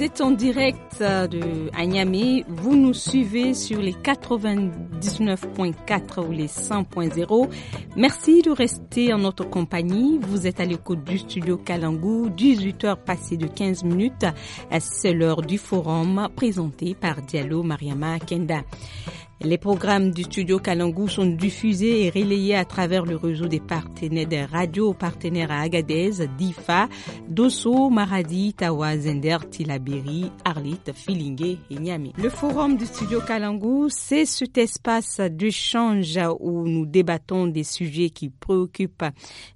Vous êtes en direct euh, de Agname. Vous nous suivez sur les 99.4 ou les 100.0. Merci de rester en notre compagnie. Vous êtes à l'écoute du studio Kalangou, 18h passées de 15 minutes. Euh, c'est l'heure du forum présenté par Diallo Mariama Kenda. Les programmes du studio Kalangou sont diffusés et relayés à travers le réseau des partenaires des radios partenaires à Agadez, Difa, Dosso, Maradi, Tawa, Zender, Tilabiri, Arlit, Filingé et Niami. Le forum du studio Kalangou, c'est cet espace d'échange où nous débattons des sujets qui préoccupent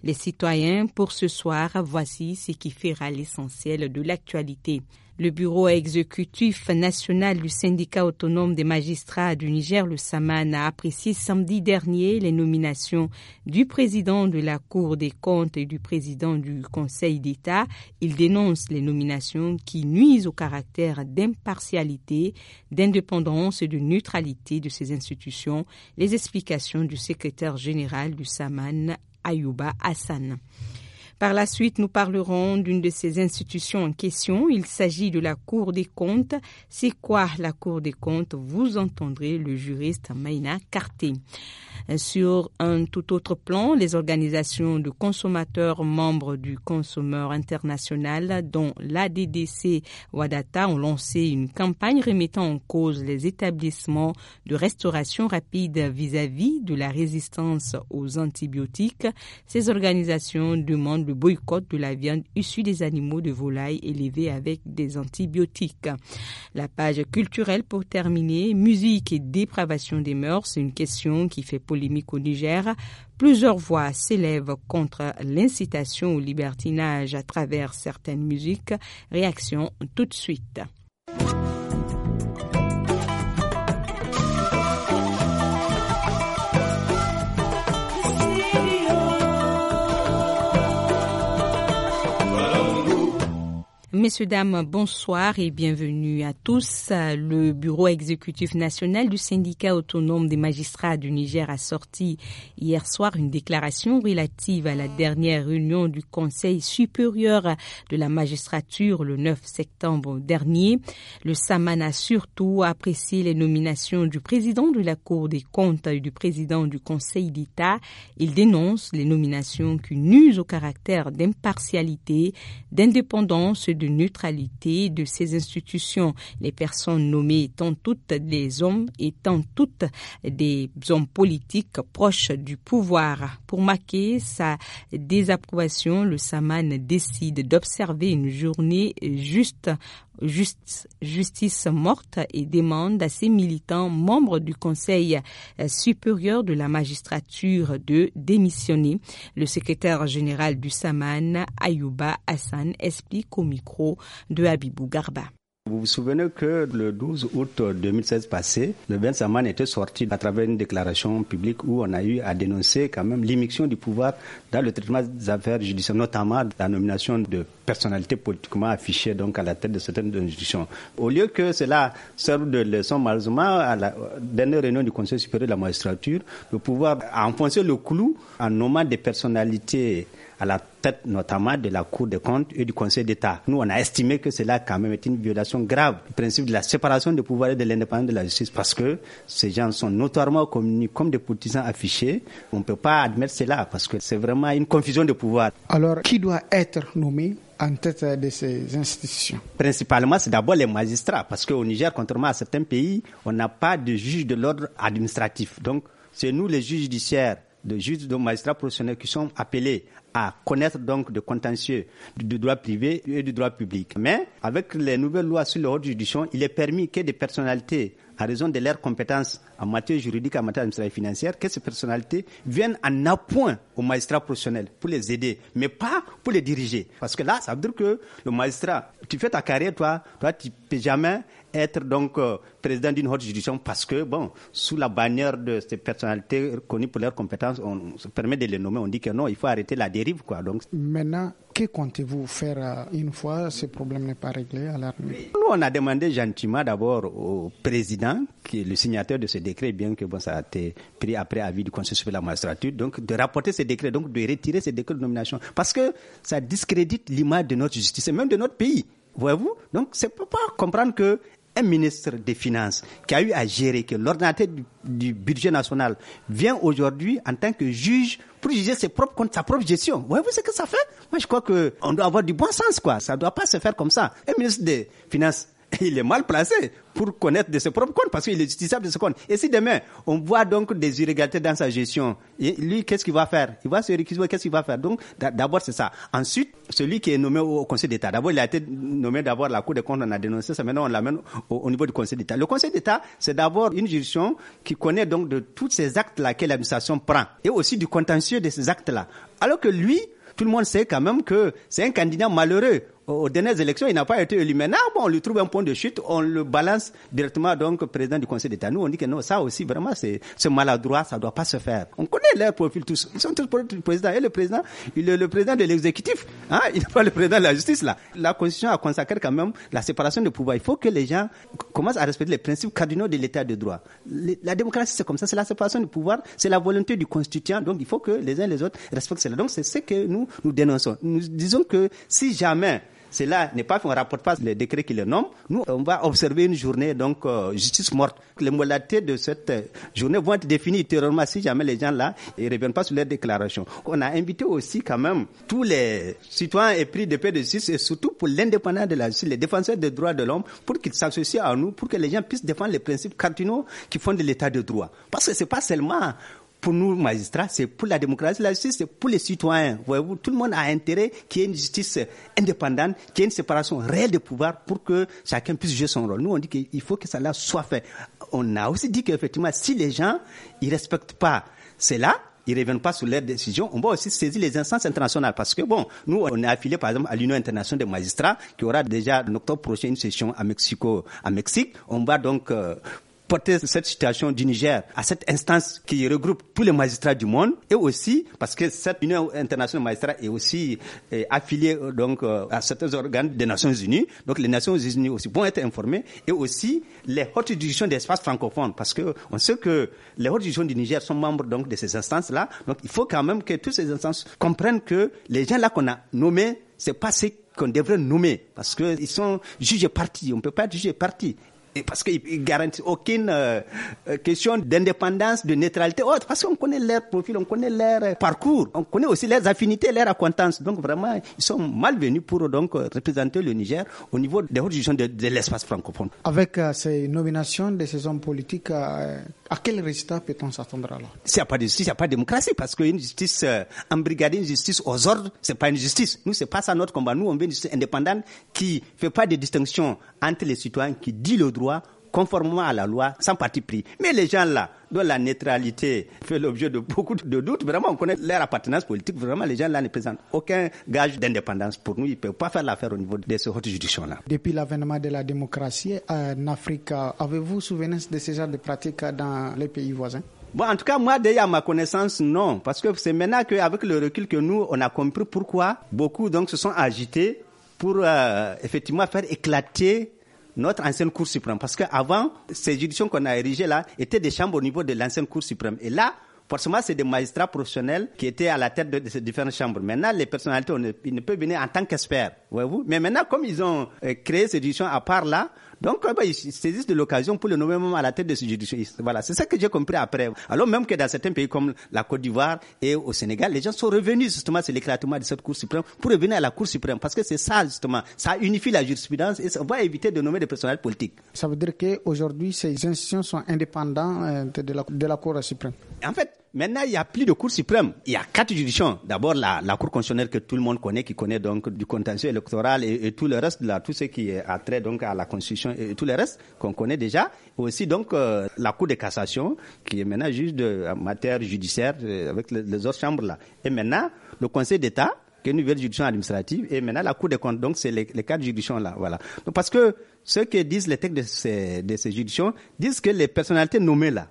les citoyens. Pour ce soir, voici ce qui fera l'essentiel de l'actualité. Le bureau exécutif national du syndicat autonome des magistrats du Niger, le SAMAN, a apprécié samedi dernier les nominations du président de la Cour des comptes et du président du Conseil d'État. Il dénonce les nominations qui nuisent au caractère d'impartialité, d'indépendance et de neutralité de ces institutions. Les explications du secrétaire général du SAMAN, Ayouba Hassan. Par la suite, nous parlerons d'une de ces institutions en question. Il s'agit de la Cour des comptes. C'est quoi la Cour des comptes Vous entendrez le juriste Maïna Carté. Euh, sur un tout autre plan, les organisations de consommateurs membres du Consommeur international, dont l'ADDC Wadata, ont lancé une campagne remettant en cause les établissements de restauration rapide vis-à-vis de la résistance aux antibiotiques. Ces organisations demandent le boycott de la viande issue des animaux de volaille élevés avec des antibiotiques. La page culturelle pour terminer, musique et dépravation des mœurs, c'est une question qui fait polémique au Niger, plusieurs voix s'élèvent contre l'incitation au libertinage à travers certaines musiques. Réaction tout de suite. Messieurs, dames, bonsoir et bienvenue à tous. Le Bureau exécutif national du syndicat autonome des magistrats du Niger a sorti hier soir une déclaration relative à la dernière réunion du Conseil supérieur de la magistrature le 9 septembre dernier. Le Saman a surtout apprécié les nominations du président de la Cour des comptes et du président du Conseil d'État. Il dénonce les nominations qui nuisent au caractère d'impartialité, d'indépendance et de neutralité de ces institutions, les personnes nommées étant toutes des hommes, étant toutes des hommes politiques proches du pouvoir. Pour maquer sa désapprobation, le Saman décide d'observer une journée juste justice morte et demande à ses militants membres du Conseil euh, supérieur de la magistrature de démissionner. Le secrétaire général du Saman, Ayuba Hassan, explique au micro de Habibou Garba. Vous vous souvenez que le 12 août 2016 passé, le Ben Saman était sorti à travers une déclaration publique où on a eu à dénoncer quand même l'immixtion du pouvoir dans le traitement des affaires judiciaires, notamment la nomination de personnalités politiquement affichées donc à la tête de certaines institutions. Au lieu que cela serve de leçon, malheureusement, à la dernière réunion du Conseil supérieur de la magistrature, le pouvoir a enfoncé le clou en nommant des personnalités à la tête notamment de la Cour des comptes et du Conseil d'État. Nous, on a estimé que cela quand même est une violation grave du principe de la séparation des pouvoirs et de l'indépendance de la justice parce que ces gens sont notoirement communis comme des partisans affichés. On ne peut pas admettre cela parce que c'est vraiment une confusion de pouvoirs. Alors, qui doit être nommé en tête de ces institutions Principalement, c'est d'abord les magistrats, parce qu'au Niger, contrairement à certains pays, on n'a pas de juge de l'ordre administratif. Donc, c'est nous, les juges judiciaires, de juges, de magistrats professionnels qui sont appelés à connaître donc de contentieux du droit privé et du droit public. Mais avec les nouvelles lois sur le juridiction, il est permis que des personnalités, à raison de leurs compétences en matière juridique, en matière administrative et financière, que ces personnalités viennent en appoint aux magistrats professionnels pour les aider, mais pas pour les diriger. Parce que là, ça veut dire que le magistrat, tu fais ta carrière, toi, toi, tu ne peux jamais être donc euh, président d'une haute juridiction parce que, bon, sous la bannière de ces personnalités connues pour leurs compétences, on, se permet de les nommer, on dit que non, il faut arrêter la dérive, quoi. Donc... Maintenant, que comptez-vous faire euh, une fois ce problème n'est pas réglé à l'armée Nous, on a demandé gentiment d'abord au président, qui est le signateur de ce décret, bien que bon, ça a été pris après avis du Conseil supérieur de la magistrature, donc de rapporter ce décret, donc de retirer ce décret de nomination. Parce que ça discrédite l'image de notre justice et même de notre pays. Voyez-vous Donc, c'est pas comprendre que un ministre des Finances qui a eu à gérer, que l'ordinateur du, budget national vient aujourd'hui en tant que juge pour juger ses propres sa propre gestion. Vous voyez ce que ça fait Moi, je crois qu'on doit avoir du bon sens, quoi. Ça ne doit pas se faire comme ça. Un ministre des Finances il est mal placé pour connaître de ses propres comptes parce qu'il est justiciable de ses comptes. Et si demain, on voit donc des irrégularités dans sa gestion, lui, qu'est-ce qu'il va faire Il va se récuser, qu'est-ce qu'il va faire Donc, d'abord, c'est ça. Ensuite, celui qui est nommé au Conseil d'État, d'abord, il a été nommé d'abord la Cour des comptes, on a dénoncé ça, maintenant on l'amène au, niveau du Conseil d'État. Le Conseil d'État, c'est d'abord une juridiction qui connaît donc de tous ces actes-là que l'administration prend et aussi du contentieux de ces actes-là. Alors que lui, tout le monde sait quand même que c'est un candidat malheureux aux dernières élections, il n'a pas été élu. Maintenant, bon, on lui trouve un point de chute, on le balance directement donc président du Conseil d'État. Nous, on dit que non, ça aussi, vraiment, c'est maladroit, ça ne doit pas se faire. On connaît leur profil tous. Ils sont tous pour le président. Et le président, il est le président de l'exécutif. Hein. Il n'est pas le président de la justice, là. La Constitution a consacré quand même la séparation des pouvoirs. Il faut que les gens commencent à respecter les principes cardinaux de l'État de droit. La démocratie, c'est comme ça, c'est la séparation du pouvoir, c'est la volonté du constituant. Donc, il faut que les uns et les autres respectent cela. Donc, c'est ce que nous, nous dénonçons. Nous disons que si jamais cela n'est pas on ne rapporte pas les décrets qui le nomment. Nous, on va observer une journée, donc, euh, justice morte. Les modalités de cette euh, journée vont être définies ultérieurement si jamais les gens là ne reviennent pas sur leurs déclarations. On a invité aussi quand même tous les citoyens et pris de paix de justice et surtout pour l'indépendance de la justice, les défenseurs des droits de l'homme, pour qu'ils s'associent à nous, pour que les gens puissent défendre les principes cardinaux qui font de l'état de droit. Parce que c'est pas seulement pour nous magistrats, c'est pour la démocratie, la justice, c'est pour les citoyens. Voyez-vous, tout le monde a intérêt qu'il y ait une justice indépendante, qu'il y ait une séparation réelle de pouvoir pour que chacun puisse jouer son rôle. Nous, on dit qu'il faut que cela soit fait. On a aussi dit qu'effectivement, si les gens ils respectent pas cela, ils ne reviennent pas sur leurs décisions. On va aussi saisir les instances internationales parce que, bon, nous, on est affilié par exemple à l'Union internationale des magistrats qui aura déjà en octobre prochain une session à Mexico, à Mexique. On va donc euh, porter cette situation du Niger à cette instance qui regroupe tous les magistrats du monde et aussi parce que cette Union internationale magistrats est aussi affiliée donc euh, à certains organes des Nations Unies. Donc les Nations Unies aussi vont être informées et aussi les hautes juridictions d'espace francophone parce que on sait que les hautes juridictions du Niger sont membres donc de ces instances-là. Donc il faut quand même que toutes ces instances comprennent que les gens là qu'on a nommés, c'est pas ceux qu'on devrait nommer parce qu'ils sont jugés partis. On ne peut pas être jugé parti parce qu'ils garantissent aucune euh, euh, question d'indépendance, de neutralité, autre, parce qu'on connaît leur profil, on connaît leur parcours, on connaît aussi leurs affinités, leurs acquaintances. Donc vraiment, ils sont malvenus pour donc représenter le Niger au niveau des hautes de, de l'espace francophone. Avec euh, ces nominations de ces hommes politiques, à quel résultat peut-on s'attendre alors S'il n'y a pas de justice, il n'y a pas de démocratie, parce qu'une justice embrigadée, une justice aux ordres, c'est pas une justice. Nous, c'est pas ça notre combat. Nous, on veut une justice indépendante qui fait pas de distinction entre les citoyens, qui dit le droit conformément à la loi, sans parti pris. Mais les gens là, dont la neutralité fait l'objet de beaucoup de doutes, vraiment, on connaît leur appartenance politique, vraiment, les gens là ne présentent aucun gage d'indépendance pour nous. Ils ne peuvent pas faire l'affaire au niveau de ce hautes juridictions là. Depuis l'avènement de la démocratie en Afrique, avez-vous souvenance de ce genre de pratiques dans les pays voisins Bon, en tout cas, moi, d'ailleurs, à ma connaissance, non. Parce que c'est maintenant qu'avec le recul que nous, on a compris pourquoi beaucoup donc se sont agités pour euh, effectivement faire éclater notre ancienne Cour suprême. Parce qu'avant, ces éditions qu'on a érigées là étaient des chambres au niveau de l'ancienne Cour suprême. Et là, Forcément, c'est des magistrats professionnels qui étaient à la tête de ces différentes chambres. Maintenant, les personnalités, ne, ils ne peuvent venir en tant qu'experts, Mais maintenant, comme ils ont euh, créé ces éditions à part là, donc, ils saisissent de l'occasion pour le nommer à la tête de ce judiciaire. Voilà, c'est ça que j'ai compris après. Alors même que dans certains pays comme la Côte d'Ivoire et au Sénégal, les gens sont revenus justement sur l'éclatement de cette Cour suprême pour revenir à la Cour suprême, parce que c'est ça justement, ça unifie la jurisprudence et ça va éviter de nommer des personnels politiques. Ça veut dire qu'aujourd'hui, ces institutions sont indépendantes euh, de la, de la Cour suprême. En fait, Maintenant, il n'y a plus de Cour suprême. Il y a quatre juridictions. D'abord, la, la, Cour constitutionnelle que tout le monde connaît, qui connaît donc du contentieux électoral et, et tout le reste, là, tout ce qui est attrait donc à la Constitution et, tout le reste qu'on connaît déjà. Aussi donc euh, la Cour de cassation, qui est maintenant juge de matière judiciaire euh, avec les, autres chambres là. Et maintenant, le Conseil d'État, qui est une nouvelle juridiction administrative, et maintenant la Cour des comptes. Donc, c'est les, quatre juridictions là. Voilà. Donc, parce que ceux qui disent les textes de ces, de ces juridictions disent que les personnalités nommées là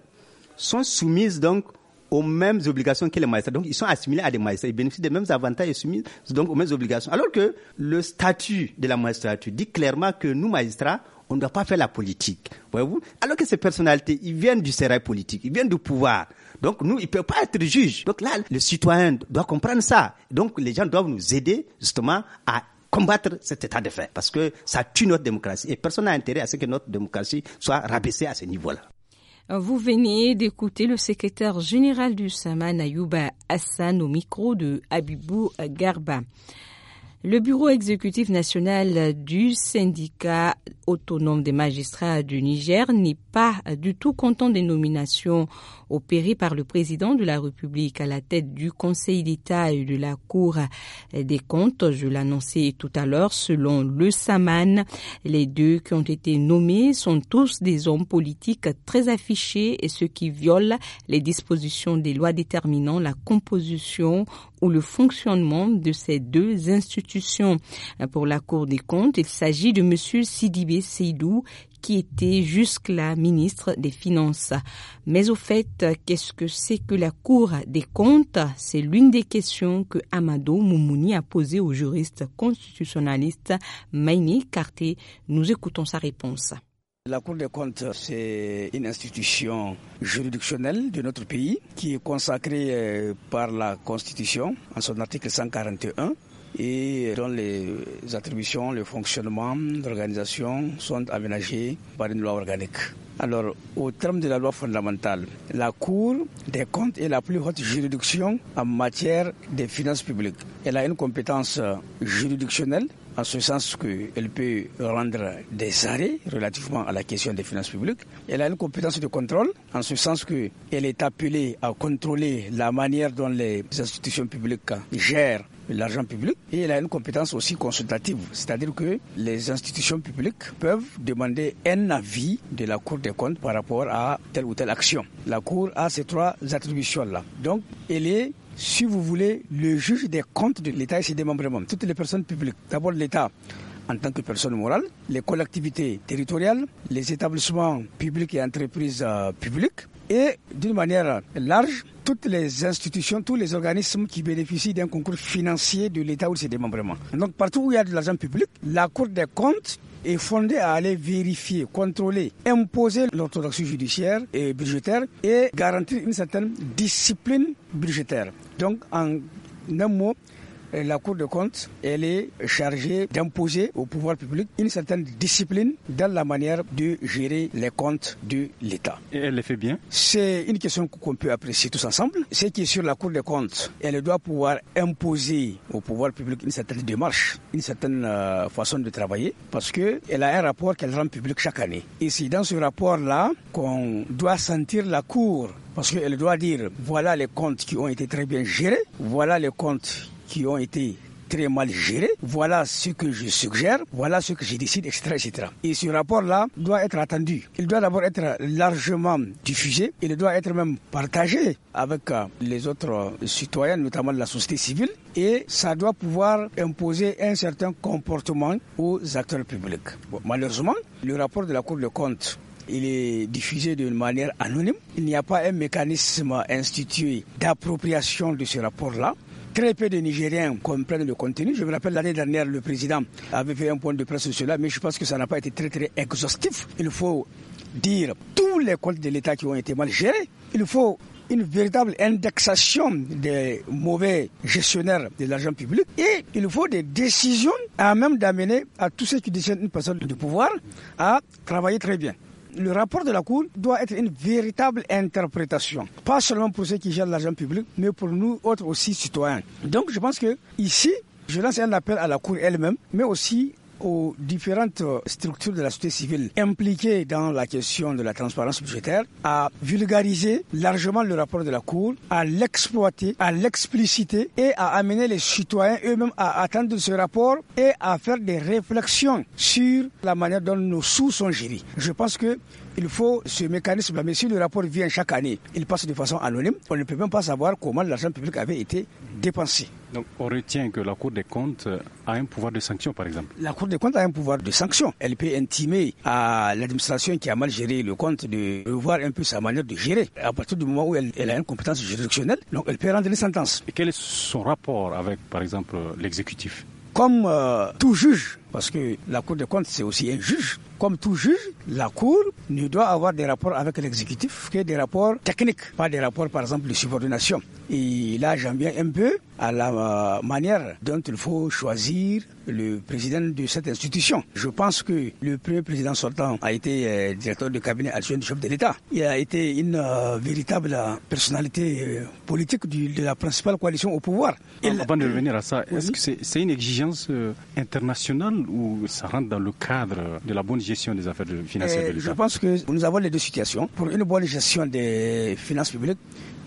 sont soumises donc aux mêmes obligations que les magistrats. Donc, ils sont assimilés à des magistrats. Ils bénéficient des mêmes avantages et soumis donc aux mêmes obligations. Alors que le statut de la magistrature dit clairement que nous, magistrats, on ne doit pas faire la politique. Voyez-vous Alors que ces personnalités, ils viennent du serail politique, ils viennent du pouvoir. Donc nous, ils ne peuvent pas être juges. Donc là, le citoyen doit comprendre ça. Donc les gens doivent nous aider justement à combattre cet état de fait parce que ça tue notre démocratie et personne n'a intérêt à ce que notre démocratie soit rabaissée à ce niveau-là. Euh, vous venez d'écouter le secrétaire général du SAMA, Nayouba Hassan au micro de Habibou Garba. Le bureau exécutif national du syndicat autonome des magistrats du Niger n'est pas du tout content des nominations opéré par le président de la République à la tête du Conseil d'État et de la Cour des comptes. Je l'annonçais tout à l'heure, selon le Saman, les deux qui ont été nommés sont tous des hommes politiques très affichés et ceux qui viole les dispositions des lois déterminant la composition ou le fonctionnement de ces deux institutions. Pour la Cour des comptes, il s'agit de M. Sidibé Seydou qui était jusque-là ministre des Finances. Mais au fait, qu'est-ce que c'est que la Cour des comptes C'est l'une des questions que Amado Moumouni a posées au juriste constitutionnaliste Maïni Carté. Nous écoutons sa réponse. La Cour des comptes, c'est une institution juridictionnelle de notre pays qui est consacrée euh, par la Constitution en son article 141 et dont les attributions, le fonctionnement, l'organisation sont aménagées par une loi organique. Alors, au terme de la loi fondamentale, la Cour des comptes est la plus haute juridiction en matière des finances publiques. Elle a une compétence juridictionnelle, en ce sens qu'elle peut rendre des arrêts relativement à la question des finances publiques. Elle a une compétence de contrôle, en ce sens qu'elle est appelée à contrôler la manière dont les institutions publiques gèrent l'argent public et elle a une compétence aussi consultative, c'est-à-dire que les institutions publiques peuvent demander un avis de la Cour des comptes par rapport à telle ou telle action. La Cour a ces trois attributions-là. Donc, elle est si vous voulez, le juge des comptes de l'État et ses membres, toutes les personnes publiques, d'abord l'État en tant que personne morale, les collectivités territoriales, les établissements publics et entreprises euh, publiques, et d'une manière large toutes les institutions, tous les organismes qui bénéficient d'un concours financier de l'État ou de ses démembrements. Donc partout où il y a de l'argent public, la Cour des comptes est fondée à aller vérifier, contrôler, imposer l'orthodoxie judiciaire et budgétaire et garantir une certaine discipline budgétaire. Donc en un mot, euh, la Cour des comptes, elle est chargée d'imposer au pouvoir public une certaine discipline dans la manière de gérer les comptes de l'État. Et elle le fait bien C'est une question qu'on peut apprécier tous ensemble. C'est que sur la Cour des comptes, elle doit pouvoir imposer au pouvoir public une certaine démarche, une certaine euh, façon de travailler, parce qu'elle a un rapport qu'elle rend public chaque année. Et c'est dans ce rapport-là qu'on doit sentir la Cour parce qu'elle doit dire voilà les comptes qui ont été très bien gérés, voilà les comptes qui ont été très mal gérés. Voilà ce que je suggère, voilà ce que je décide, etc. etc. Et ce rapport-là doit être attendu. Il doit d'abord être largement diffusé, il doit être même partagé avec euh, les autres euh, citoyens, notamment la société civile, et ça doit pouvoir imposer un certain comportement aux acteurs publics. malheureusement, le rapport de la Cour de compte il est diffusé d'une manière anonyme. Il n'y a pas un mécanisme institué d'appropriation de ce rapport-là. Très peu de Nigériens comprennent le contenu. Je me rappelle l'année dernière, le président avait fait un point de presse sur cela, mais je pense que ça n'a pas été très très exhaustif. Il faut dire tous les comptes de l'État qui ont été mal gérés. Il faut une véritable indexation des mauvais gestionnaires de l'argent public et il faut des décisions à même d'amener à tous ceux qui détiennent une personne de pouvoir à travailler très bien. Le rapport de la Cour doit être une véritable interprétation, pas seulement pour ceux qui gèrent l'argent public, mais pour nous autres aussi citoyens. Donc je pense que ici, je lance un appel à la Cour elle-même, mais aussi aux différentes structures de la société civile impliquées dans la question de la transparence budgétaire à vulgariser largement le rapport de la Cour, à l'exploiter, à l'expliciter et à amener les citoyens eux-mêmes à attendre ce rapport et à faire des réflexions sur la manière dont nos sous sont gérés. Je pense que il faut ce mécanisme. Mais si le rapport vient chaque année, il passe de façon anonyme, on ne peut même pas savoir comment l'argent public avait été dépensé. Donc on retient que la Cour des comptes a un pouvoir de sanction, par exemple. La Cour des comptes a un pouvoir de sanction. Elle peut intimer à l'administration qui a mal géré le compte de revoir un peu sa manière de gérer. À partir du moment où elle, a une compétence juridictionnelle, donc elle peut rendre des sentences. Et quel est son rapport avec, par exemple, l'exécutif Comme euh, tout juge, parce que la Cour des comptes, c'est aussi un juge. Comme tout juge, la Cour ne doit avoir des rapports avec l'exécutif que des rapports techniques, pas des rapports, par exemple, de subordination. Et là, j'en viens un peu à la euh, manière dont il faut choisir le président de cette institution. Je pense que le premier président sortant a été euh, directeur de cabinet adjoint du chef de l'État. Il a été une euh, véritable personnalité politique de la principale coalition au pouvoir. Ah, avant de revenir à ça, est-ce que c'est une exigence internationale ou ça rentre dans le cadre de la bonne gestion des affaires financières de l'État Je pense que nous avons les deux situations. Pour une bonne gestion des finances publiques,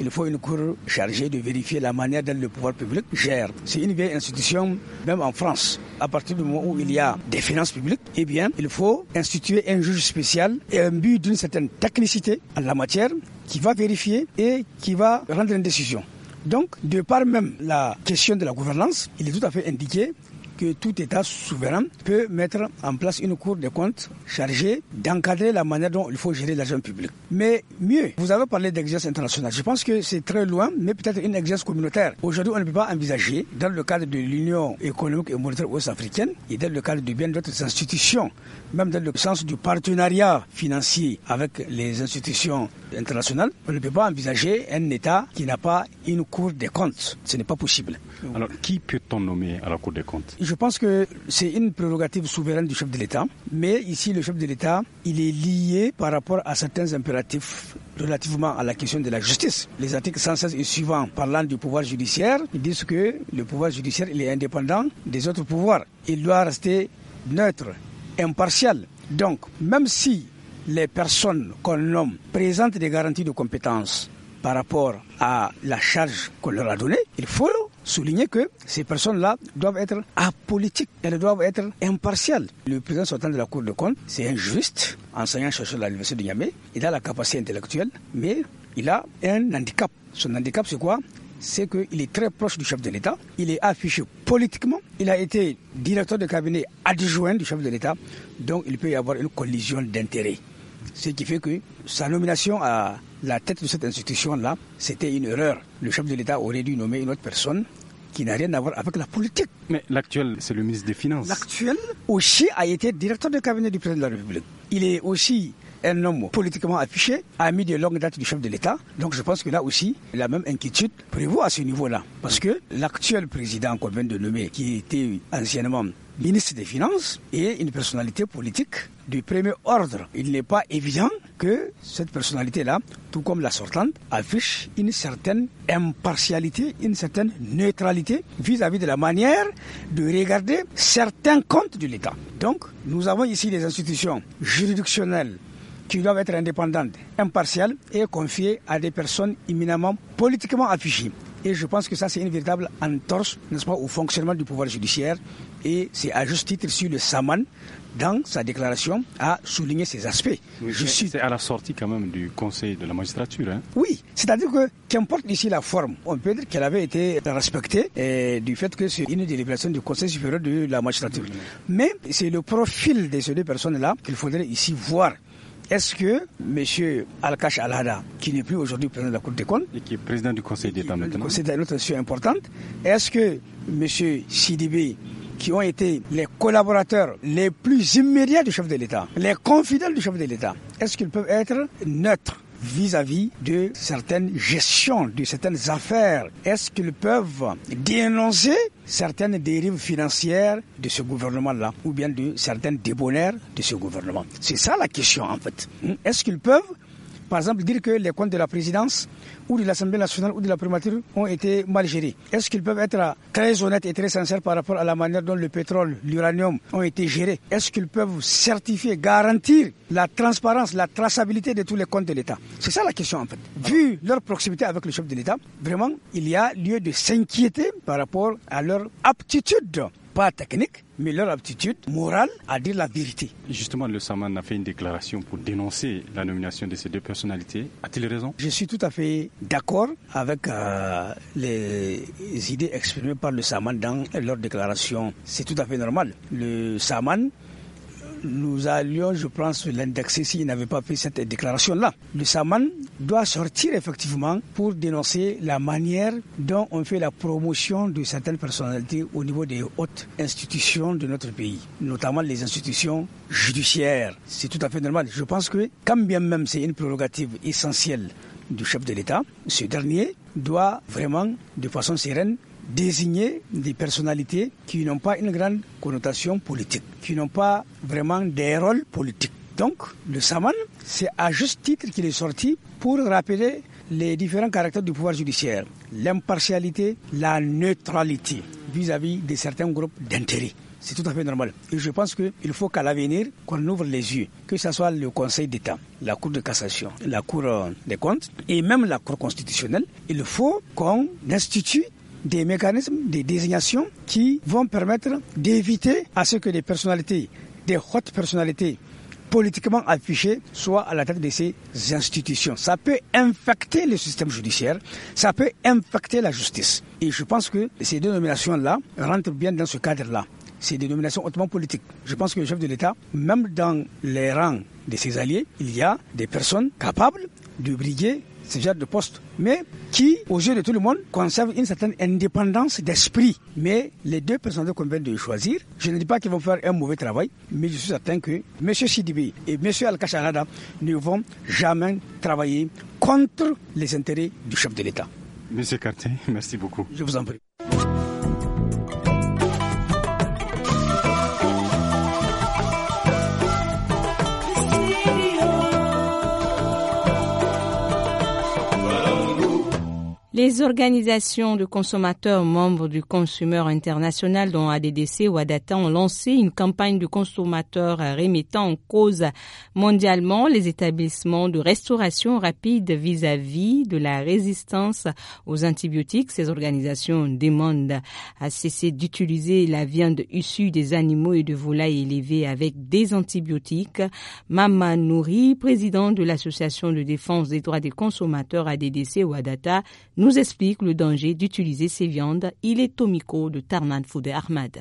il faut une cour chargée de vérifier la manière dont le pouvoir public gère. C'est une vieille institution, même en France. À partir du moment où il y a des finances publiques, eh bien, il faut instituer un juge spécial et un but d'une certaine technicité en la matière qui va vérifier et qui va rendre une décision. Donc, de par même la question de la gouvernance, il est tout à fait indiqué que tout État souverain peut mettre en place une cour de comptes chargée d'encadrer la manière dont il faut gérer l'argent public. Mais mieux, vous avez parlé d'exercice international. Je pense que c'est très loin, mais peut-être une exercice communautaire. Aujourd'hui, on ne peut pas envisager, dans le cadre de l'Union économique et monétaire ouest-africaine et dans le cadre de bien d'autres institutions, même dans le sens du partenariat financier avec les institutions international, on ne peut pas envisager un État qui n'a pas une Cour des comptes. Ce n'est pas possible. Alors, qui peut-on nommer à la Cour des comptes Je pense que c'est une prérogative souveraine du chef de l'État. Mais ici, le chef de l'État, il est lié par rapport à certains impératifs relativement à la question de la justice. Les articles 116 et suivants parlant du pouvoir judiciaire, ils disent que le pouvoir judiciaire il est indépendant des autres pouvoirs. Il doit rester neutre, impartial. Donc, même si les personnes qu'on nomme présentent des garanties de compétences par rapport à la charge qu'on leur a donnée, il faut souligner que ces personnes-là doivent être apolitiques, elles doivent être impartiales. Le président sortant de la Cour de compte, c'est un juriste, enseignant-chercheur de l'Université de Niamey, il a la capacité intellectuelle, mais il a un handicap. Son handicap, c'est quoi c'est qu'il est très proche du chef de l'État, il est affiché politiquement, il a été directeur de cabinet adjoint du chef de l'État, donc il peut y avoir une collision d'intérêts. Ce qui fait que sa nomination à la tête de cette institution-là, c'était une erreur. Le chef de l'État aurait dû nommer une autre personne qui n'a rien à voir avec la politique. Mais l'actuel, c'est le ministre des Finances. L'actuel aussi a été directeur de cabinet du président de la République. Il est aussi un homme politiquement affiché, ami de longue date du chef de l'État. Donc je pense que là aussi, la même inquiétude prévaut à ce niveau-là. Parce que l'actuel président qu'on vient de nommer, qui était anciennement ministre des Finances est une personnalité politique du premier ordre. Il n'est pas évident que cette personnalité-là, tout comme la sortante, affiche une certaine impartialité, une certaine neutralité vis-à-vis de la manière de regarder certains comptes de l'État. Donc, nous avons ici des institutions juridictionnelles qui doivent être indépendantes, impartiales et confiées à des personnes éminemment politiquement affichées. Et je pense que ça, c'est une véritable entorse, n'est-ce pas, au fonctionnement du pouvoir judiciaire. Et c'est à juste titre sur le Saman, dans sa déclaration, a souligné ces aspects. je suis... C'est à la sortie quand même du Conseil de la magistrature. Hein. Oui, c'est-à-dire que, qu'importe ici la forme, on peut dire qu'elle avait été respectée et du fait que c'est une délibération du Conseil supérieur de la magistrature. Mais c'est le profil de ces deux personnes-là qu'il faudrait ici voir est-ce que M. Al-Kash Al-Hada, qui n'est plus aujourd'hui président de la Cour des comptes, et qui est président du Conseil d'État maintenant, c'est une autre importante, est-ce que M. Sidibé, qui ont été les collaborateurs les plus immédiats du chef de l'État, les confidents du chef de l'État, est-ce qu'ils peuvent être neutres vis-à-vis de certaines gestions, de certaines affaires Est-ce qu'ils peuvent dénoncer certaines dérives financières de ce gouvernement-là ou bien de certains débonnaires de ce gouvernement C'est ça la question en fait. Est-ce qu'ils peuvent par exemple, dire que les comptes de la présidence ou de l'Assemblée nationale ou de la primature ont été mal gérés. Est-ce qu'ils peuvent être très honnêtes et très sincères par rapport à la manière dont le pétrole, l'uranium ont été gérés Est-ce qu'ils peuvent certifier, garantir la transparence, la traçabilité de tous les comptes de l'État C'est ça la question en fait. Vu leur proximité avec le chef de l'État, vraiment, il y a lieu de s'inquiéter par rapport à leur aptitude pas technique, mais leur aptitude morale à dire la vérité. Justement, le Saman a fait une déclaration pour dénoncer la nomination de ces deux personnalités. A-t-il raison Je suis tout à fait d'accord avec euh, les idées exprimées par le Saman dans leur déclaration. C'est tout à fait normal. Le Saman nous allions, je pense, l'indexer s'il n'avait pas fait cette déclaration-là. Le Saman doit sortir effectivement pour dénoncer la manière dont on fait la promotion de certaines personnalités au niveau des hautes institutions de notre pays, notamment les institutions judiciaires. C'est tout à fait normal. Je pense que, quand bien même c'est une prérogative essentielle du chef de l'État, ce dernier doit vraiment, de façon sereine, désigner des personnalités qui n'ont pas une grande connotation politique, qui n'ont pas vraiment des rôles politiques. Donc, le Saman, c'est à juste titre qu'il est sorti pour rappeler les différents caractères du pouvoir judiciaire, l'impartialité, la neutralité vis-à-vis de certains groupes d'intérêts. C'est tout à fait normal. Et je pense qu'il faut qu'à l'avenir, qu'on ouvre les yeux, que ce soit le Conseil d'État, la Cour de cassation, la Cour euh, des comptes et même la Cour constitutionnelle, il faut qu'on institue des mécanismes, des désignations qui vont permettre d'éviter à ce que des personnalités, des hautes personnalités politiquement affichées soient à la tête de ces institutions. Ça peut infecter le système judiciaire, ça peut infecter la justice. Et je pense que ces deux nominations-là rentrent bien dans ce cadre-là. ces dénominations hautement politiques. Je pense que le chef de l'État, même dans les rangs de ses alliés, il y a des personnes capables de briguer ce genre de poste, mais qui, aux yeux de tout le monde, conserve une certaine indépendance d'esprit. Mais les deux personnes qu'on vient de choisir, je ne dis pas qu'ils vont faire un mauvais travail, mais je suis certain que M. Sidibé et M. al ne vont jamais travailler contre les intérêts du chef de l'État. M. Cartier, merci beaucoup. Je vous en prie. Les organisations de consommateurs membres du Consumer International, dont ADDC ou ADATA, ont lancé une campagne de consommateurs remettant en cause mondialement les établissements de restauration rapide vis-à-vis de la résistance aux antibiotiques. Ces organisations demandent à cesser d'utiliser la viande issue des animaux et de volailles élevées avec des antibiotiques. Mama Nouri, président de l'Association de défense des droits des consommateurs ADDC ou ADATA, nous nous explique le danger d'utiliser ces viandes. Il est Tomiko de Tarnan Foudé Ahmad.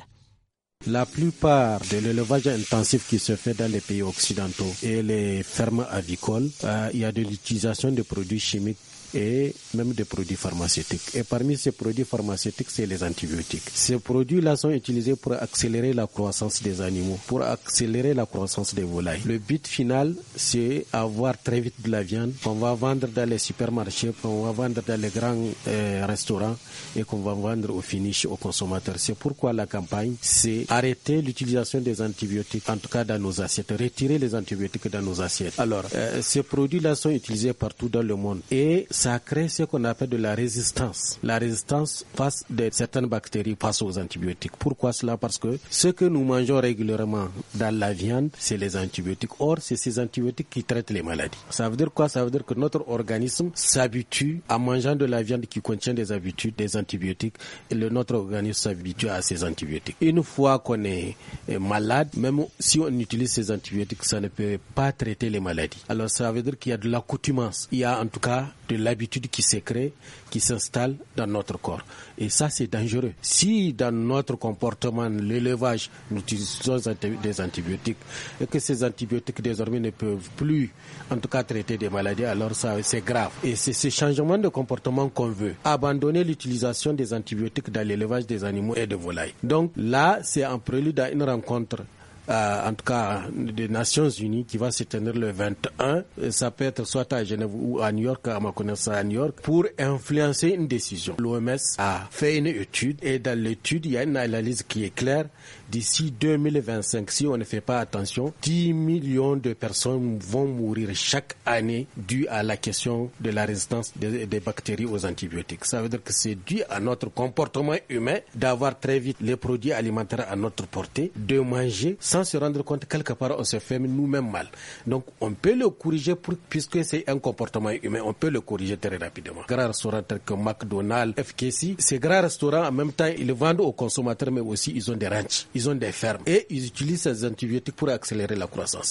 La plupart de l'élevage intensif qui se fait dans les pays occidentaux et les fermes avicoles, euh, il y a de l'utilisation de produits chimiques et même des produits pharmaceutiques. Et parmi ces produits pharmaceutiques, c'est les antibiotiques. Ces produits-là sont utilisés pour accélérer la croissance des animaux, pour accélérer la croissance des volailles. Le but final, c'est avoir très vite de la viande qu'on va vendre dans les supermarchés, qu'on va vendre dans les grands euh, restaurants et qu'on va vendre au finish aux consommateurs. C'est pourquoi la campagne, c'est arrêter l'utilisation des antibiotiques, en tout cas dans nos assiettes, retirer les antibiotiques dans nos assiettes. Alors, euh, ces produits-là sont utilisés partout dans le monde et ça crée ce qu'on appelle de la résistance. La résistance face à certaines bactéries face aux antibiotiques. Pourquoi cela Parce que ce que nous mangeons régulièrement dans la viande, c'est les antibiotiques. Or, c'est ces antibiotiques qui traitent les maladies. Ça veut dire quoi Ça veut dire que notre organisme s'habitue à manger de la viande qui contient des habitudes, des antibiotiques. Et notre organisme s'habitue à ces antibiotiques. Une fois qu'on est euh, malade, même si on utilise ces antibiotiques, ça ne peut pas traiter les maladies. Alors, ça veut dire qu'il y a de l'accoutumance. Il y a en tout cas de l'habitude qui se crée, qui s'installe dans notre corps. Et ça, c'est dangereux. Si dans notre comportement, l'élevage, nous utilisons des antibiotiques et que ces antibiotiques désormais ne peuvent plus, en tout cas, traiter des maladies, alors ça, c'est grave. Et c'est ce changement de comportement qu'on veut. Abandonner l'utilisation des antibiotiques dans l'élevage des animaux et de volailles. Donc là, c'est un prélude à une rencontre euh, en tout cas des Nations Unies qui va se tenir le 21. Ça peut être soit à Genève ou à New York, à ma connaissance à New York, pour influencer une décision. L'OMS a fait une étude et dans l'étude, il y a une analyse qui est claire d'ici 2025, si on ne fait pas attention, 10 millions de personnes vont mourir chaque année dû à la question de la résistance des, bactéries aux antibiotiques. Ça veut dire que c'est dû à notre comportement humain d'avoir très vite les produits alimentaires à notre portée, de manger sans se rendre compte quelque part on se fait nous-mêmes mal. Donc on peut le corriger pour, puisque c'est un comportement humain, on peut le corriger très rapidement. Grands restaurants tels que McDonald's, FKC, ces grands restaurants en même temps ils vendent aux consommateurs mais aussi ils ont des ranchs ils ont des fermes et ils utilisent ces antibiotiques pour accélérer la croissance.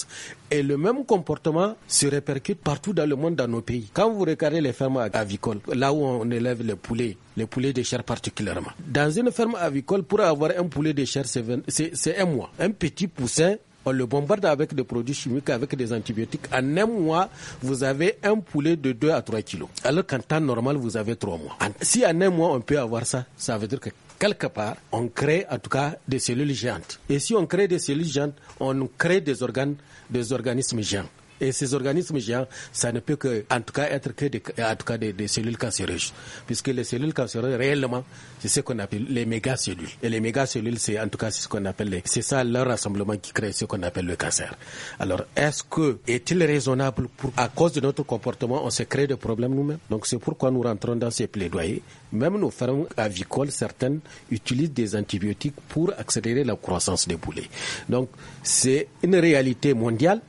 Et le même comportement se répercute partout dans le monde, dans nos pays. Quand vous regardez les fermes avicoles, là où on élève les poulets, les poulets de chair particulièrement, dans une ferme avicole, pour avoir un poulet de chair, c'est un mois. Un petit poussin on le bombarde avec des produits chimiques, avec des antibiotiques. En un mois, vous avez un poulet de 2 à 3 kilos. Alors qu'en temps normal, vous avez 3 mois. Si en un mois, on peut avoir ça, ça veut dire que quelque part, on crée en tout cas des cellules géantes. Et si on crée des cellules géantes, on crée des organes, des organismes géants. Et ces organismes géants, ça ne peut que, en tout cas, être que des, en tout cas des, cellules cancéreuses. Puisque les cellules cancéreuses, réellement, c'est ce qu'on appelle les méga-cellules. Et les méga-cellules, c'est en tout cas ce qu'on appelle les, c'est ça leur rassemblement qui crée ce qu'on appelle le cancer. Alors, est-ce que, est-il raisonnable pour, à cause de notre comportement, on se crée des problèmes nous-mêmes? Donc, c'est pourquoi nous rentrons dans ces plaidoyers. Même nos fermes avicoles, certaines, utilisent des antibiotiques pour accélérer la croissance des poulets. Donc, c'est une réalité mondiale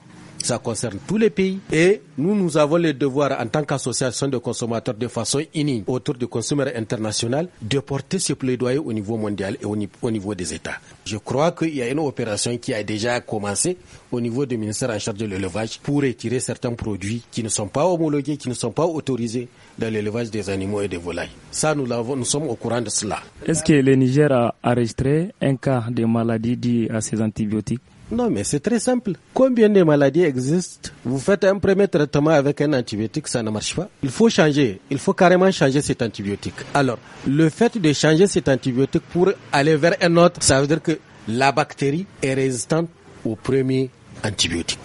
ça concerne tous les pays. Et nous, nous avons le devoir, en tant qu'association de consommateurs de façon unie autour du consommateur international, de porter ce plaidoyer au niveau mondial et au niveau des États. Je crois qu'il y a une opération qui a déjà commencé au niveau du ministère en charge de l'élevage pour retirer certains produits qui ne sont pas homologués, qui ne sont pas autorisés dans l'élevage des animaux et des volailles. Ça, nous, l'avons, nous sommes au courant de cela. Est-ce que le Niger a enregistré un cas de maladie due à ces antibiotiques non, mais c'est très simple. Combien de maladies existent Vous faites un premier traitement avec un antibiotique, ça ne marche pas. Il faut changer. Il faut carrément changer cet antibiotique. Alors, le fait de changer cet antibiotique pour aller vers un autre, ça veut dire que la bactérie est résistante au premier antibiotique.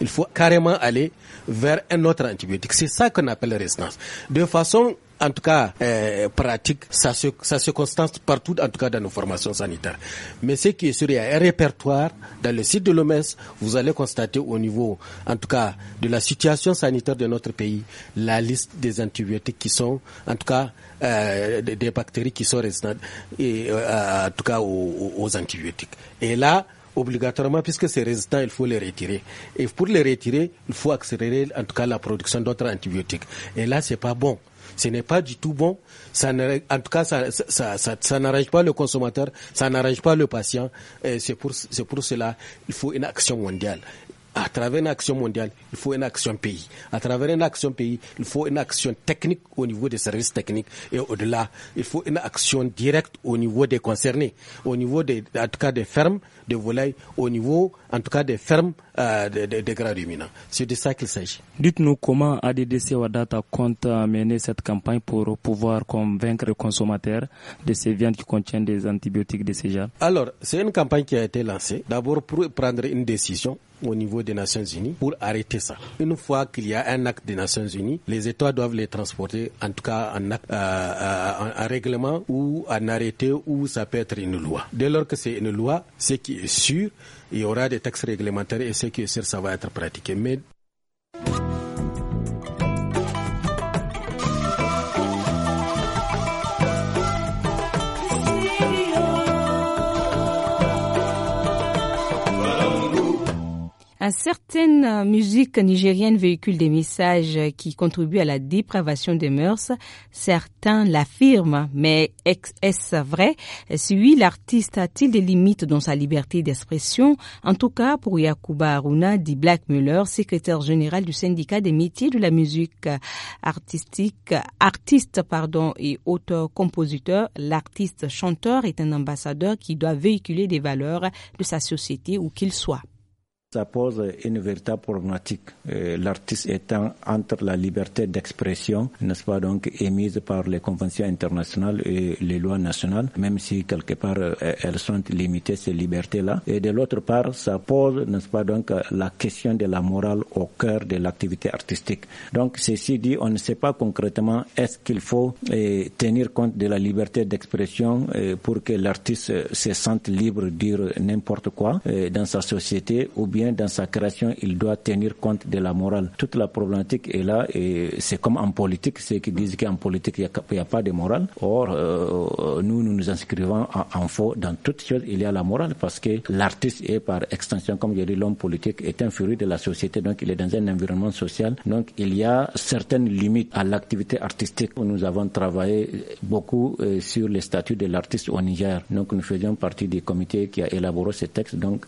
Il faut carrément aller vers un autre antibiotique. C'est ça qu'on appelle résistance. De façon en tout cas euh, pratique, ça se, constate partout, en tout cas dans nos formations sanitaires. Mais ce qui est sur un répertoire dans le site de l'OMS, vous allez constater au niveau, en tout cas, de la situation sanitaire de notre pays, la liste des antibiotiques qui sont, en tout cas, euh, des, bactéries qui sont résistantes, euh, en tout cas, aux, antibiotiques. Et là, obligatoirement, puisque c'est résistant, il faut les retirer. Et pour les retirer, il faut accélérer, en tout cas, la production d'autres antibiotiques. Et là, ce n'est pas bon. Ce n'est pas du tout bon. Ça en tout cas, ça, n'arrange pas le consommateur, ça n'arrange pas le patient. C'est pour, pour cela qu'il faut une action mondiale à travers une action mondiale, il faut une action pays. À travers une action pays, il faut une action technique au niveau des services techniques et au-delà. Il faut une action directe au niveau des concernés, au niveau des, en tout cas des fermes de volailles, au niveau en tout cas des fermes euh, de, des grands ruminants. C'est de ça qu'il s'agit. Dites-nous comment ADDC Wadata compte mener cette campagne pour pouvoir convaincre les consommateurs de ces viandes qui contiennent des antibiotiques de ces gens. Alors, c'est une campagne qui a été lancée d'abord pour prendre une décision au niveau des Nations Unies pour arrêter ça. Une fois qu'il y a un acte des Nations Unies, les États doivent les transporter, en tout cas euh, euh, en, règlement ou en arrêté ou ça peut être une loi. Dès lors que c'est une loi, ce qui est sûr, il y aura des textes réglementaires et ce qui est sûr, ça va être pratiqué. Certaines musiques nigériennes véhiculent des messages qui contribuent à la dépravation des mœurs. Certains l'affirment, mais est-ce vrai Si oui, l'artiste a-t-il des limites dans sa liberté d'expression En tout cas, pour Yakuba Aruna, dit Black Muller, secrétaire général du syndicat des métiers de la musique artistique, artiste pardon, et auteur-compositeur, l'artiste-chanteur est un ambassadeur qui doit véhiculer des valeurs de sa société où qu'il soit. Ça pose une véritable problématique. Euh, l'artiste étant entre la liberté d'expression, n'est-ce pas, donc émise par les conventions internationales et les lois nationales, même si quelque part euh, elles sont limitées, ces libertés-là. Et de l'autre part, ça pose, n'est-ce pas, donc la question de la morale au cœur de l'activité artistique. Donc, ceci dit, on ne sait pas concrètement est-ce qu'il faut euh, tenir compte de la liberté d'expression pour que l'artiste se sente libre de dire n'importe quoi dans sa société ou bien dans sa création, il doit tenir compte de la morale. Toute la problématique est là et c'est comme en politique, ceux qui disent qu'en politique, il n'y a, pas de morale. Or, euh, euh, nous, nous nous inscrivons en, faux. Dans toute chose, il y a la morale parce que l'artiste est par extension, comme je dit, l'homme politique est un furieux de la société, donc il est dans un environnement social. Donc, il y a certaines limites à l'activité artistique. Nous avons travaillé beaucoup euh, sur les statuts de l'artiste au Niger. Donc, nous faisions partie du comité qui a élaboré ce texte. Donc,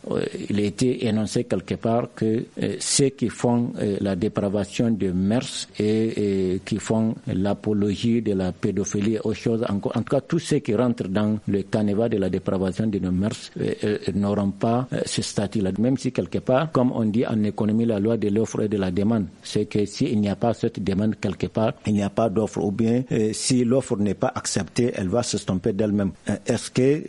il a été énoncé quelque part que euh, ceux qui font euh, la dépravation de Mers et, qui font l'apologie de la pédophilie et choses, en, en, tout cas tous ceux qui rentrent dans le canevas de la dépravation de nos euh, n'auront pas ce statut-là. Même si quelque part, comme on dit en économie, la loi de l'offre et de la demande, c'est que s'il n'y a pas cette demande quelque part, il n'y a pas d'offre ou bien si l'offre n'est pas acceptée, elle va s'estomper d'elle-même. Est-ce que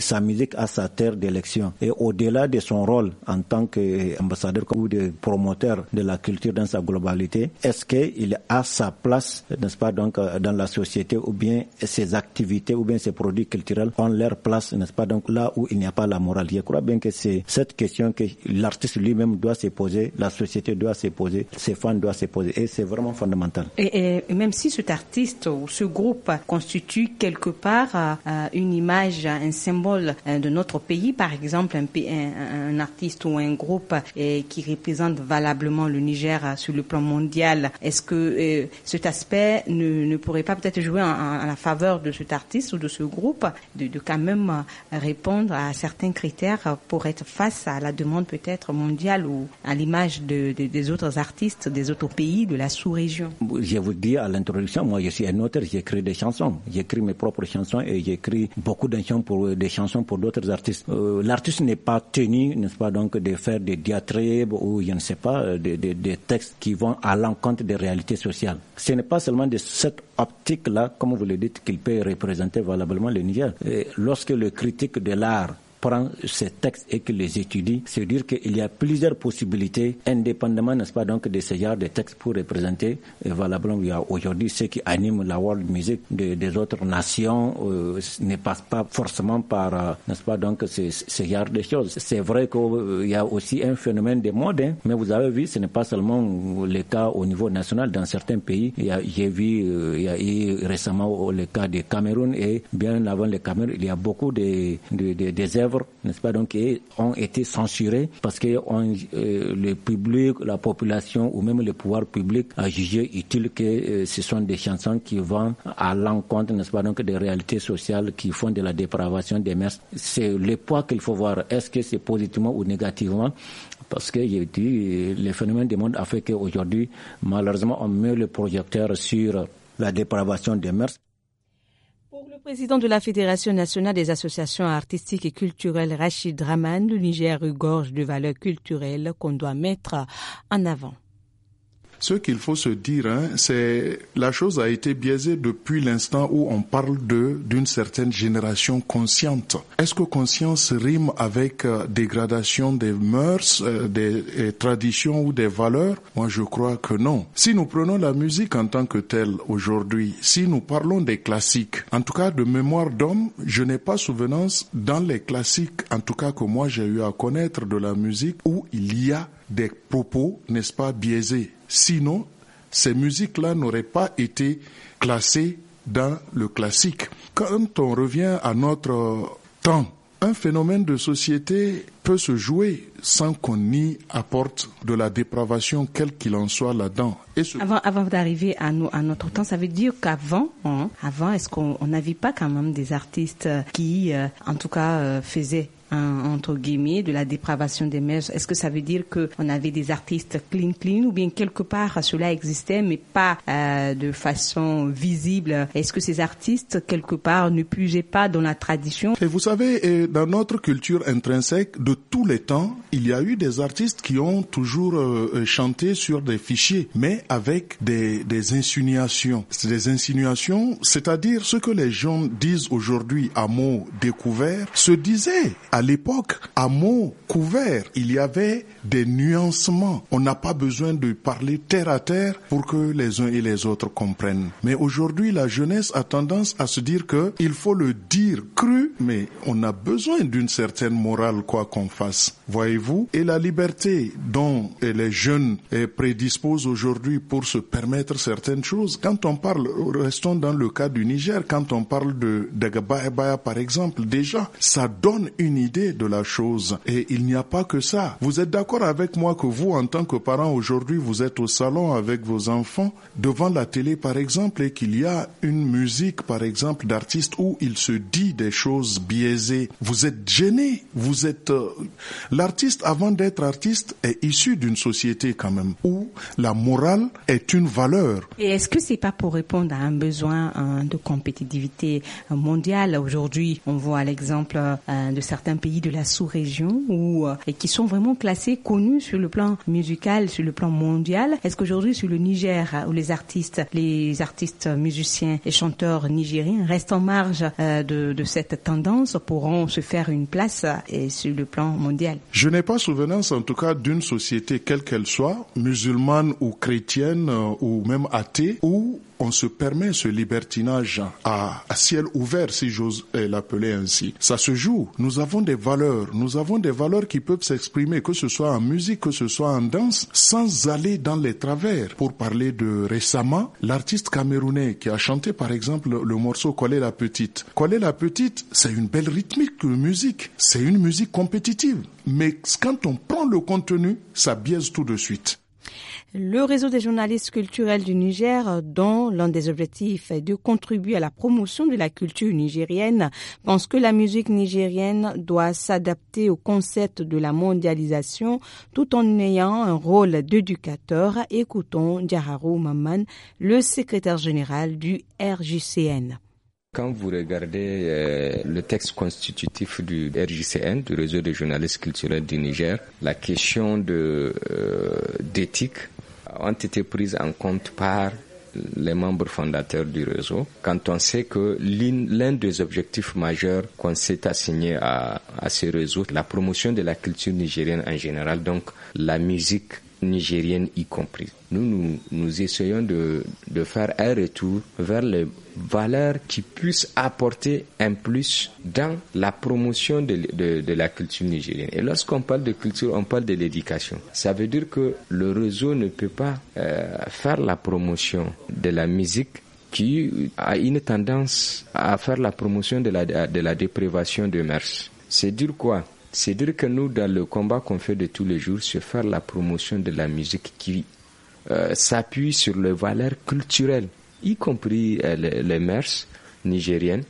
sa musique a sa terre d'élection Et au-delà de son rôle en tant tant qu'ambassadeur ou de promoteur de la culture dans sa globalité, est-ce qu'il a sa place, n'est-ce pas, donc, euh, dans la société ou bien ses activités ou bien ses produits culturels ont leur place, n'est-ce pas, donc là où il n'y a pas la morale. Je crois bien que c'est cette question que l'artiste lui-même doit se poser, la société doit se poser, ses fans doivent se poser et c'est vraiment fondamental. Et, même si cet artiste ou ce groupe constitue quelque part euh, une image, un symbole euh, de notre pays, par exemple un artiste ou un un groupe eh, qui représente valablement le Niger euh, sur le plan mondial. Est-ce que euh, cet aspect ne, pourrait pas peut-être jouer en, la faveur de cet artiste ou de ce groupe, de, quand même euh, répondre à certains critères pour être face à la demande peut-être mondiale ou à l'image des autres artistes des autres pays de la sous-région Je vous dis à l'introduction, moi je suis un auteur, j'écris des chansons. J'écris mes propres chansons et j'écris beaucoup de chansons pour, des chansons pour d'autres artistes. L'artiste n'est pas tenu, n'est-ce pas, donc de faire des diatribes ou, je ne sais pas, des, textes qui vont à l'encontre des réalités sociales. Ce n'est pas seulement de cette optique-là, comme vous le dites, qu'il peut représenter valablement le Niger. lorsque le critique de l'art prend ces textes et que les étudie, c'est dire qu'il y a plusieurs possibilités, indépendamment, n'est-ce pas, donc, de ce genre de textes pour représenter et euh, valablement aujourd'hui ce qui anime la world music des autres nations euh, ne passe pas forcément par, euh, n'est-ce pas, donc, ce, ce genre de choses. C'est vrai qu'il y a aussi un phénomène de mode, hein, mais vous avez vu, ce n'est pas seulement le cas au niveau national. Dans certains pays, j'ai vu, il y a eu récemment le cas du Cameroun et bien avant le Cameroun, il y a beaucoup de, de des œuvres n'est-ce pas, donc, ont été censurés parce que on, euh, le public, la population ou même le pouvoir public a jugé utile que euh, ce sont des chansons qui vont à l'encontre, n'est-ce pas, donc, des réalités sociales qui font de la dépravation des mers. C'est le poids qu'il faut voir. Est-ce que c'est positivement ou négativement parce que j'ai dit, euh, phénomène du monde a fait qu'aujourd'hui, malheureusement, on met le projecteur sur la dépravation des mers président de la Fédération nationale des associations artistiques et culturelles, Rachid Draman, le Niger gorge de valeurs culturelles qu'on doit mettre en avant. Ce qu'il faut se dire, hein, c'est la chose a été biaisée depuis l'instant où on parle de d'une certaine génération consciente. Est-ce que conscience rime avec euh, dégradation des mœurs, euh, des, des traditions ou des valeurs Moi, je crois que non. Si nous prenons la musique en tant que telle aujourd'hui, si nous parlons des classiques, en tout cas de mémoire d'homme, je n'ai pas souvenance dans les classiques, en tout cas que moi j'ai eu à connaître de la musique où il y a des propos, n'est-ce pas, biaisés. Sinon, ces musiques-là n'auraient pas été classées dans le classique. Quand on revient à notre temps, un phénomène de société peut se jouer sans qu'on y apporte de la dépravation, quel qu'il en soit là-dedans. Avant, d'arriver à, à notre temps, ça veut dire qu'avant, hein, avant, est-ce qu'on n'avait pas quand même des artistes qui, euh, en tout cas, euh, faisaient euh, entre guillemets, de la dépravation des mœurs Est-ce que ça veut dire qu'on avait des artistes clean, clean, ou bien quelque part cela existait, mais pas euh, de façon visible Est-ce que ces artistes, quelque part, ne puisaient pas dans la tradition Et vous savez, dans notre culture intrinsèque, de tous les temps, il y a eu des artistes qui ont toujours euh, chanté sur des fichiers, mais avec des, des insinuations. C'est des insinuations, c'est-à-dire ce que les gens disent aujourd'hui à mots découverts, se disaient à l'époque, à mots couverts, il y avait des nuancements. On n'a pas besoin de parler terre à terre pour que les uns et les autres comprennent. Mais aujourd'hui, la jeunesse a tendance à se dire que il faut le dire cru, mais on a besoin d'une certaine morale quoi qu'on fasse. Voyez-vous? Et la liberté dont les jeunes eh, prédisposent aujourd'hui pour se permettre certaines choses. Quand on parle, restons dans le cas du Niger, quand on parle de Dagaba Ebaya par exemple, déjà, ça donne une idée de la chose. Et il n'y a pas que ça. Vous êtes d'accord avec moi que vous, en tant que parent, aujourd'hui, vous êtes au salon avec vos enfants, devant la télé, par exemple, et qu'il y a une musique, par exemple, d'artiste où il se dit des choses biaisées. Vous êtes gêné. Vous êtes, euh, l'artiste, avant d'être artiste, est issu d'une société quand même où la morale est une valeur. Et est-ce que c'est pas pour répondre à un besoin hein, de compétitivité mondiale? Aujourd'hui, on voit l'exemple euh, de certains pays de la sous-région ou euh, et qui sont vraiment classés, connus sur le plan musical, sur le plan mondial. Est-ce qu'aujourd'hui sur le Niger où les artistes, les artistes musiciens et chanteurs nigériens restent en marge euh, de, cette tendance pourront se faire une place euh, et sur le plan mondial Je n'ai pas souvenance en tout cas d'une société quelle qu'elle soit, musulmane ou chrétienne ou même athée, où on se permet ce libertinage à, ciel ouvert, si j'ose euh, l'appeler ainsi. Ça se joue. Nous avons des valeurs. Nous avons des valeurs qui peuvent s'exprimer, que ce soit en musique, que ce soit en danse, sans aller dans les travers. Pour parler de récemment, l'artiste camerounais qui a chanté par exemple le morceau est la petite. est la petite, c'est une belle rythmique de musique. C'est une musique compétitive. Mais quand on prend le contenu, ça biaise tout de suite. Le réseau des journalistes culturels du Niger, dont l'un des objectifs est de contribuer à la promotion de la culture nigérienne, pense que la musique nigérienne doit s'adapter au concept de la mondialisation tout en ayant un rôle d'éducateur. Écoutons Diararo Maman, le secrétaire général du RJCN. Quand vous regardez euh, le texte constitutif du RJCN, du réseau des journalistes culturels du Niger, la question euh, d'éthique ont été prises en compte par les membres fondateurs du réseau, quand on sait que l'un des objectifs majeurs qu'on s'est assigné à, à ce réseau, la promotion de la culture nigérienne en général, donc la musique nigériennes y compris. Nous, nous, nous essayons de, de, faire un retour vers les valeurs qui puissent apporter un plus dans la promotion de, de, la culture nigérienne. Et lorsqu'on parle de culture, on parle de l'éducation. Ça veut dire que le réseau ne peut pas euh, faire la promotion de la musique qui a une tendance à faire la promotion de la, de la déprévation de mœurs. C'est dire quoi c'est dire que nous, dans le combat qu'on fait de tous les jours, c'est faire la promotion de la musique qui euh, s'appuie sur les valeurs culturelles, y compris euh, les, mers nigériennes.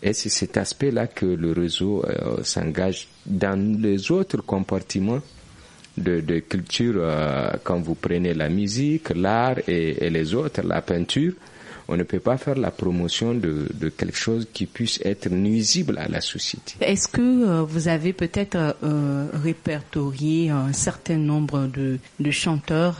Et c'est cet aspect-là que le réseau euh, s'engage dans les autres compartiments de, culture, quand vous prenez la musique, l'art et les autres, la peinture. On ne peut pas faire la promotion de, quelque chose qui puisse être nuisible à la société. Est-ce que euh, vous avez peut-être euh, euh, répertorié un certain nombre de, chanteurs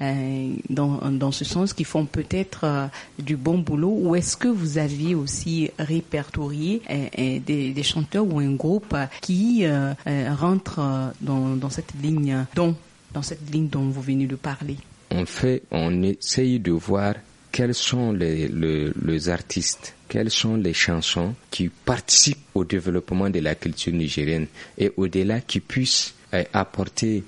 dans, dans, ce sens qui font peut-être du bon boulot ou est-ce que vous aviez aussi répertorié des, des, chanteurs ou un groupe qui rentre dans, dans cette ligne dont dans cette ligne dont vous venez de parler On fait, on essaye de voir quels sont les, les, artistes, quelles sont les chansons qui participent au développement de la culture nigérienne et au-delà qui puissent eh, apporter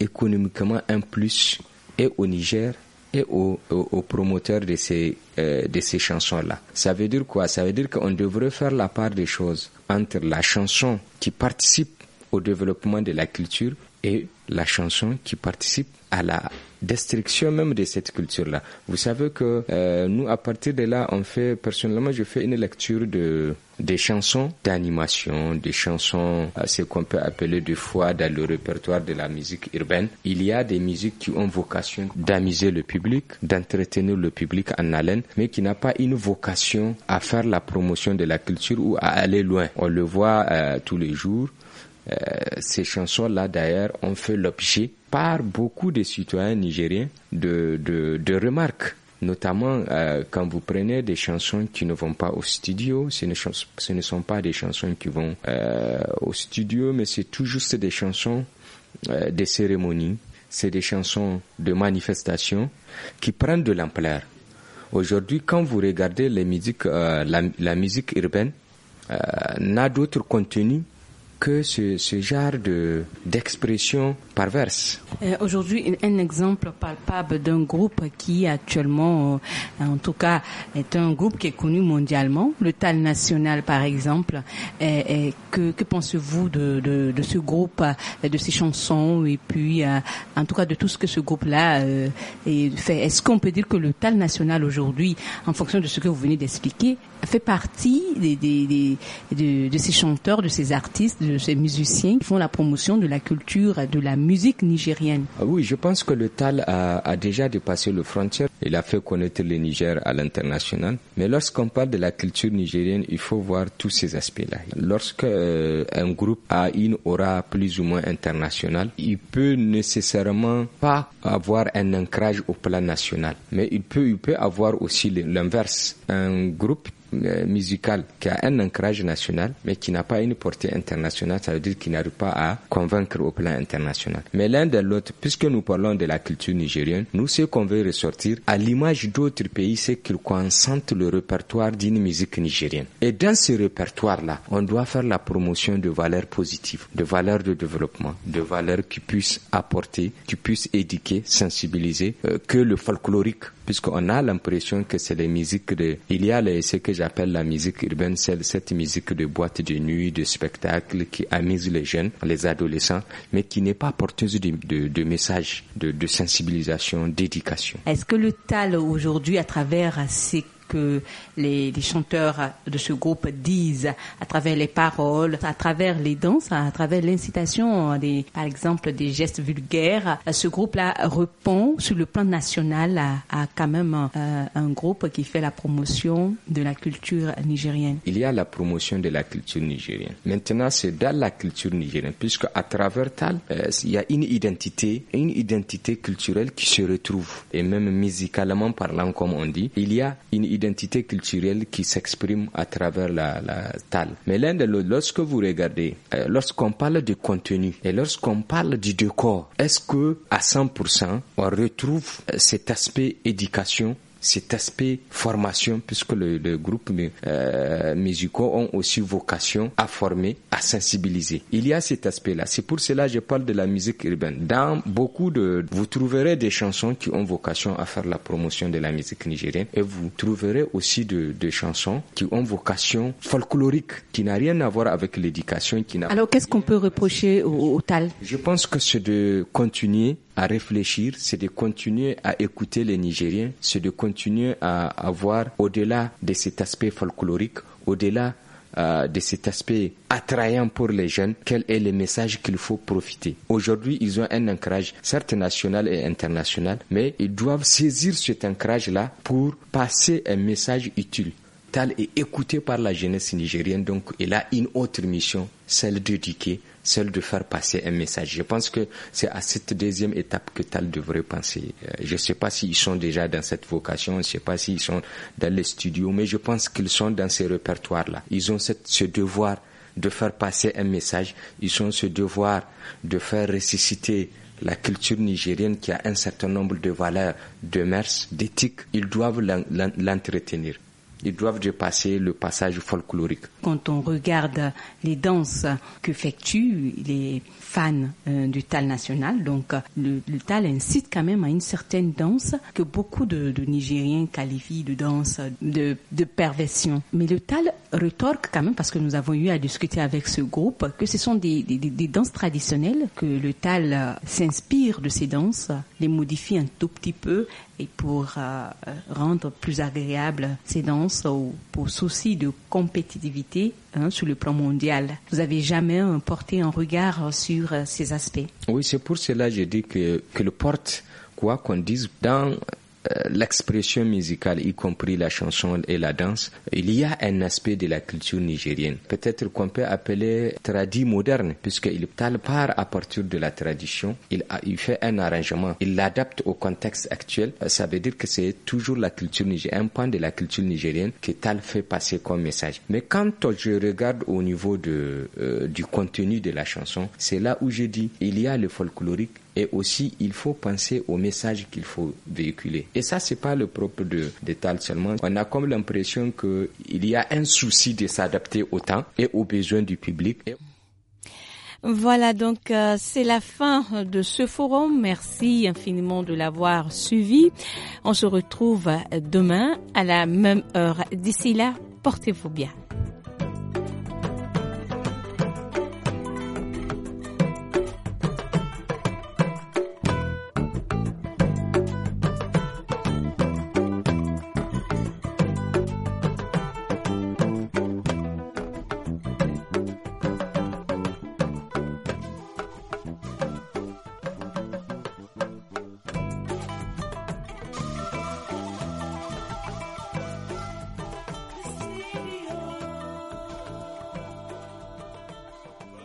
économiquement un plus et au Niger et aux, promoteurs de ces, eh, de ces chansons-là. Ça veut dire quoi Ça veut dire qu'on devrait faire la part des choses entre la chanson qui participe au développement de la culture et la chanson qui participe à la destruction même de cette culture-là. Vous savez que euh, nous, à partir de là, on fait, personnellement, je fais une lecture de des chansons d'animation, des chansons, euh, ce qu'on peut appeler des fois dans le répertoire de la musique urbaine. Il y a des musiques qui ont vocation d'amuser le public, d'entretenir le public en haleine, mais qui n'a pas une vocation à faire la promotion de la culture ou à aller loin. On le voit euh, tous les jours. Euh, ces chansons-là, d'ailleurs, ont fait l'objet par beaucoup de citoyens nigériens de, de, remarques notamment euh, quand vous prenez des chansons qui ne vont pas au studio, ce ne, ce ne sont pas des chansons qui vont euh, au studio, mais c'est toujours des chansons de cérémonies, c'est des chansons de manifestation qui prennent de l'ampleur. Aujourd'hui, quand vous regardez les musiques, la, la, musique urbaine n'a d'autre contenu que ce, ce genre de, d'expression perverse. Euh, aujourd'hui, un exemple palpable d'un groupe qui actuellement, euh, en tout cas, est un groupe qui est connu mondialement, le Tal National par exemple. Et, que, que pensez-vous de, de, de, ce groupe, euh, de ses chansons et puis, euh, en tout cas, de tout ce que ce groupe-là fait Est-ce qu'on peut dire que le Tal National aujourd'hui, en fonction de ce que vous venez d'expliquer, fait partie des, des, de, ces chanteurs, de ces artistes, de ces musiciens qui font la promotion de la culture, de la musique nigérienne. Ah oui, je pense que le Tal a, déjà dépassé les frontière. Il a fait connaître le Niger à l'international. Mais lorsqu'on parle de la culture nigérienne, il faut voir tous ces aspects-là. Lorsque euh, un groupe a une aura plus ou moins internationale, il peut nécessairement pas avoir un ancrage au plan national. Mais il peut, il peut avoir aussi l'inverse. Un groupe euh, musical qui a un ancrage national, mais qui n'a pas une portée internationale, ça veut dire qu'il n'arrive pas à convaincre au plan international. Mais l'un de l'autre, puisque nous parlons de la culture nigérienne, nous, ce qu'on veut ressortir, à l'image d'autres pays, c'est qu'ils consentent le répertoire d'une musique nigérienne. Et dans ce répertoire-là, on doit faire la promotion de valeurs positives, de valeurs de développement, de valeurs qui puissent apporter, qui puissent éduquer, sensibiliser, euh, que le folklorique, puisqu'on a l'impression que c'est les musiques de... Il y a les, que j'appelle la musique urbaine, c'est cette musique de boîte de nuit, de spectacle qui amuse les jeunes, les adolescents, mais qui n'est pas porteuse de, messages de, de sensibilisation, d'éducation. Est-ce que le TAL aujourd'hui, à travers ces que les, chanteurs de ce groupe disent à travers les paroles, à travers les danses, à travers l'incitation, des, par exemple, des gestes vulgaires. Ce groupe-là répond sur le plan national à, quand même euh, un groupe qui fait la promotion de la culture nigérienne. Il y a la promotion de la culture nigérienne. Maintenant, c'est dans la culture nigérienne, puisque à travers Tal, euh, il y a une identité, une identité culturelle qui se retrouve. Et même musicalement parlant, comme on dit, il y a une identité identité culturelle qui s'exprime à travers la, la Mais l'un de l'autre, lorsque vous regardez, euh, lorsqu'on parle de contenu et lorsqu'on parle du décor, est-ce que à 100% on retrouve euh, cet aspect éducation cet aspect formation, puisque le, le groupe euh, ont aussi vocation à former, à sensibiliser. Il y a cet aspect-là. C'est pour cela que je parle de la musique urbaine. Dans beaucoup de, vous trouverez des chansons qui ont vocation à faire la promotion de la musique nigérienne et vous trouverez aussi des de chansons qui ont vocation folklorique, qui n'a rien à voir avec l'éducation. Qui n'a Alors qu'est-ce qu'on peut reprocher au, au TAL Je pense que c'est de continuer à réfléchir, c'est de continuer à écouter les Nigériens, c'est de continuer à, voir au-delà de cet aspect folklorique, au-delà euh, de cet aspect attrayant pour les jeunes, quel est le message qu'il faut profiter. Aujourd'hui, ils ont un ancrage, certes national et international, mais ils doivent saisir cet ancrage-là pour passer un message utile. Tal est écouté par la jeunesse nigérienne, donc il a une autre mission, celle d'éduquer, celle de faire passer un message. Je pense que c'est à cette deuxième étape que Tal devrait penser. Euh, je ne sais pas s'ils sont déjà dans cette vocation, je ne sais pas s'ils sont dans les studios, mais je pense qu'ils sont dans ces répertoires-là. Ils ont ce devoir de faire passer un message, ils ont ce devoir de faire ressusciter la culture nigérienne qui a un certain nombre de valeurs, de mœurs, d'éthique. Ils doivent l'entretenir ils doivent dépasser le passage folklorique. Quand on regarde les danses que qu'effectuent les fan euh, du tal national. Donc euh, le, le, tal incite quand même à une certaine danse que beaucoup de, Nigériens qualifient de danse de, de, perversion. Mais le tal retorque quand même, parce que nous avons eu à discuter avec ce groupe, que ce sont des, des, des danses traditionnelles, que le tal euh, s'inspire de ces danses, les modifie un tout petit peu et pour rendre plus agréable ces danses ou pour souci de compétitivité Hein, sur le plan mondial. Vous avez jamais porté un regard euh, sur euh, ces aspects. Oui, c'est pour cela que je dis que, que le porte, quoi qu'on dise, dans euh, l'expression musicale, y compris la chanson et la danse, il y a un aspect de la culture nigérienne. Peut-être qu'on peut appeler tradit moderne, puisqu'il part à partir de la tradition, il, a, fait un arrangement, il l'adapte au contexte actuel. Euh, ça veut dire que c'est toujours la culture nigérienne, un point de la culture nigérienne que Tal fait passer comme message. Mais quand je regarde au niveau de, euh, du contenu de la chanson, c'est là où je dis, il y a le folklorique, et aussi, il faut penser au message qu'il faut véhiculer. Et ça, c'est pas le propre de, seulement. On a comme l'impression qu'il y a un souci de s'adapter au temps et aux besoins du public. voilà donc euh, c'est la fin de ce forum. Merci infiniment de l'avoir suivi. On se retrouve demain à la même heure. D'ici là, portez-vous bien.